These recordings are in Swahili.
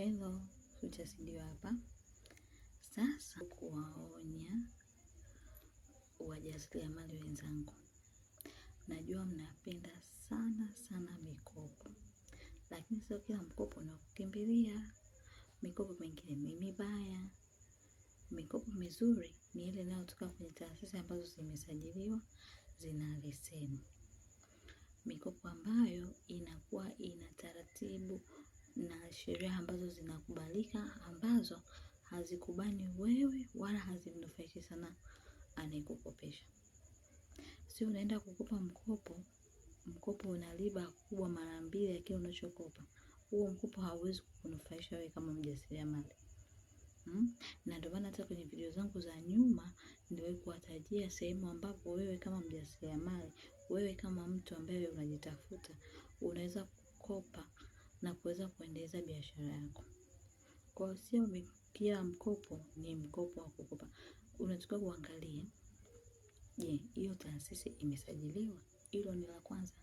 Hello, hujasaidiwa hapa. Sasa kuwaonya wajasiriamali wenzangu, najua mnapenda sana sana mikopo, lakini sio kila mkopo unakukimbilia. Mikopo mingine ni mibaya. Mikopo mizuri ni ile inayotoka kwenye taasisi ambazo zimesajiliwa, zina leseni. Mikopo ambayo inakuwa ina taratibu na sheria ambazo zinakubalika ambazo hazikubani wewe wala hazimnufaishi sana anayekukopesha. Si unaenda kukopa mkopo, mkopo una riba kubwa mara mbili ya kile unachokopa. Huo mkopo hauwezi kukunufaisha wewe kama mjasiriamali. Hmm? Na ndio maana hata kwenye video zangu za nyuma niliwahi kuwatajia sehemu ambapo wewe kama mjasiriamali, wewe kama mtu ambaye unajitafuta, unaweza kukopa na kuweza kuendeleza biashara yako. Kwa hiyo sio umekia mkopo ni mkopo wa kukopa. Unatakiwa kuangalia, je, hiyo taasisi imesajiliwa? Hilo ni la kwanza.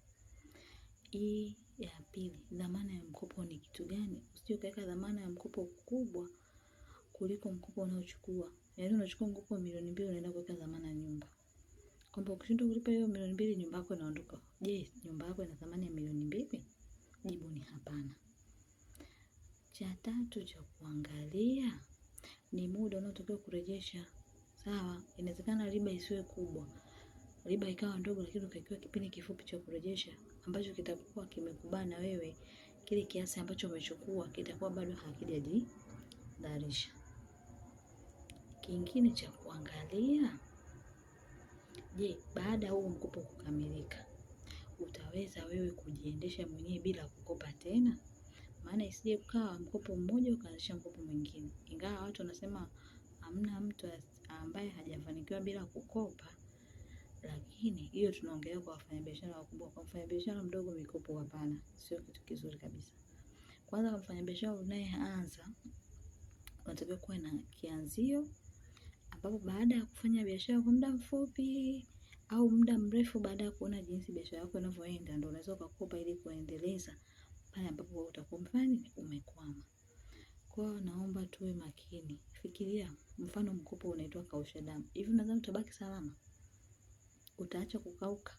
Hii ya pili, dhamana ya mkopo ni kitu gani? Usije ukaweka dhamana ya mkopo kubwa kuliko mkopo unaochukua. Yaani unachukua mkopo milioni mbili unaenda kuweka dhamana ya nyumba. Kwamba ukishindwa kulipa hiyo milioni mbili nyumba yako inaondoka. Je, nyumba yako ina thamani ya milioni mbili? Hapana. Cha tatu cha kuangalia ni muda unaotakiwa kurejesha. Sawa, inawezekana riba isiwe kubwa, riba ikawa ndogo, lakini ukakiwa kipindi kifupi cha kurejesha ambacho kitakuwa kimekubana na wewe, kile kiasi ambacho umechukua kitakuwa bado hakijajidharisha. Kingine cha kuangalia, je, baada ya huo mkopo kukamilika, utaweza wewe kujiendesha mwenyewe bila kukopa tena? Maana isije ukawa mkopo mmoja ukaanzisha mkopo mwingine. Ingawa watu wanasema hamna mtu ambaye hajafanikiwa bila kukopa, lakini hiyo tunaongelea kwa wafanyabiashara wakubwa. Kwa mfanyabiashara mdogo, mikopo hapana, sio kitu kizuri kabisa. Kwanza, kwa mfanyabiashara unayeanza, unatakiwa kuwa na kianzio, ambapo baada ya kufanya biashara kwa muda mfupi au muda mrefu baada ya kuona jinsi biashara yako inavyoenda, ndio unaweza ukakopa ili kuendeleza pale ambapo utakuwa mfani umekwama. Kwa hiyo naomba tuwe makini. Fikiria mfano mkopo unaitwa kausha damu. Hivi unadhani utabaki salama? Utaacha kukauka?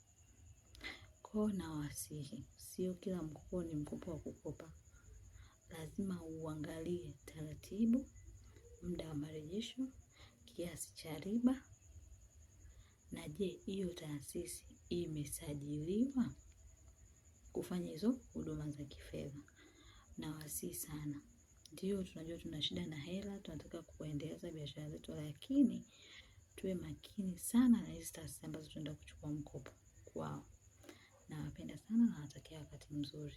Kwa hiyo nawasihi, sio kila mkopo ni mkopo wa kukopa. Lazima uangalie taratibu, muda wa marejesho, kiasi cha riba Je, hiyo taasisi imesajiliwa kufanya hizo huduma za kifedha? Na wasii sana, ndio tunajua tuna shida na hela, tunataka kuendeleza biashara zetu, lakini tuwe makini sana na hizi taasisi ambazo tunaenda kuchukua mkopo kwao. Nawapenda sana na wakati mzuri.